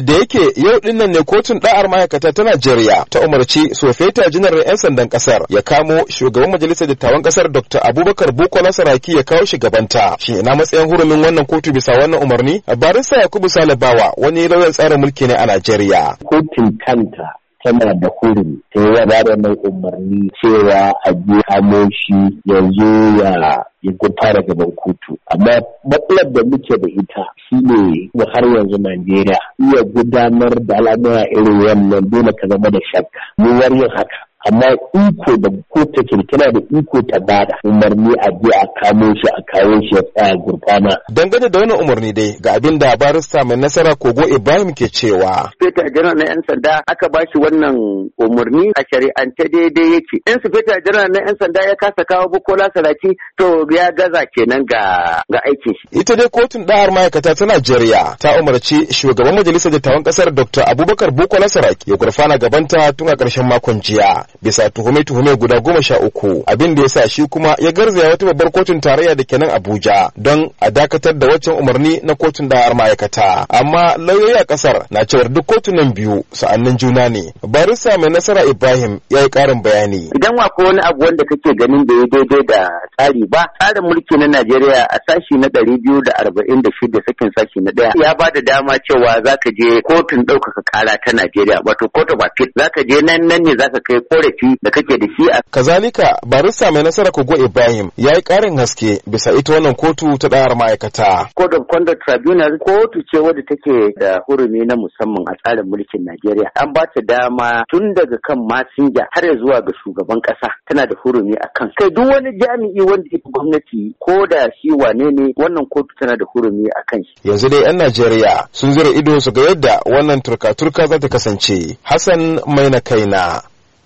da yake yau din ne kotun da'ar ma'aikata ta Najeriya ta umarci Sofeta janar 'yan sandan kasar ya kamo shugaban majalisar dattawan kasar Dr. Abubakar Bukola Saraki ya kawo shugabanta. Shin ina matsayin hurumin wannan kotu bisa wannan umarni? Barista Yakubu Salabawa wani lauyan tsarin mulki ne a Najeriya. Kotun kanta tana da hurumi ta yi da mai umarni cewa a je amo yanzu ya yi da gaban kotu amma matsalar da muke da ita shine mu har yanzu Najeriya iya gudanar da al'amura irin wannan dole ka zama da shakka mu yin haka amma iko da ko ta kirkira da iko ta bada umarni a je a kamo shi a kawo shi ya tsaya gurfana. Dangane da wani umarni dai ga abin da barista mai nasara kogo Ibrahim ke cewa. Peter janar na 'yan sanda aka ba shi wannan umarni a shari'ance daidai yake. Yan Peter janar na 'yan sanda ya kasa kawo bukola salati to ya gaza kenan ga ga aikin shi. Ita dai kotun ɗahar ma'aikata ta Najeriya ta umarci shugaban majalisar dattawan ƙasar Dr. Abubakar Bukola Saraki ya gurfana gabanta tun a ƙarshen makon jiya. bisa tuhume-tuhume guda goma sha uku abin da ya sa shi kuma ya garzaya wata babbar kotun tarayya da kenan Abuja don a dakatar da waccan umarni na kotun da ma'aikata amma lauyoyi a kasar na cewar duk kotunan biyu sa'annin juna ne barista mai nasara Ibrahim ya yi karin bayani idan wa ko wani abu wanda kake ganin da ya daidai da tsari ba tsarin mulki na Najeriya a sashi na ɗari biyu da arba'in da shida sakin sashi na ɗaya ya ba da dama cewa za ka je kotun ɗaukaka kara ta Najeriya wato kotu ba fit za ka je nan nan ne za ka kai kore korafi da kake da shi a kazalika barista mai nasara kogo ibrahim ya yi karin haske bisa ita wannan kotu ta ɗayar ma'aikata code of conduct tribunal kotu ce wadda take da hurumi na musamman a tsarin mulkin najeriya an ba ta dama tun daga kan masinja har zuwa ga shugaban ƙasa tana da hurumi a kan kai duk wani jami'i wanda ya gwamnati ko da shi wane ne wannan kotu tana da hurumi a kan shi yanzu dai yan najeriya sun zira ido su ga yadda wannan turka-turka za ta kasance hassan mai na kaina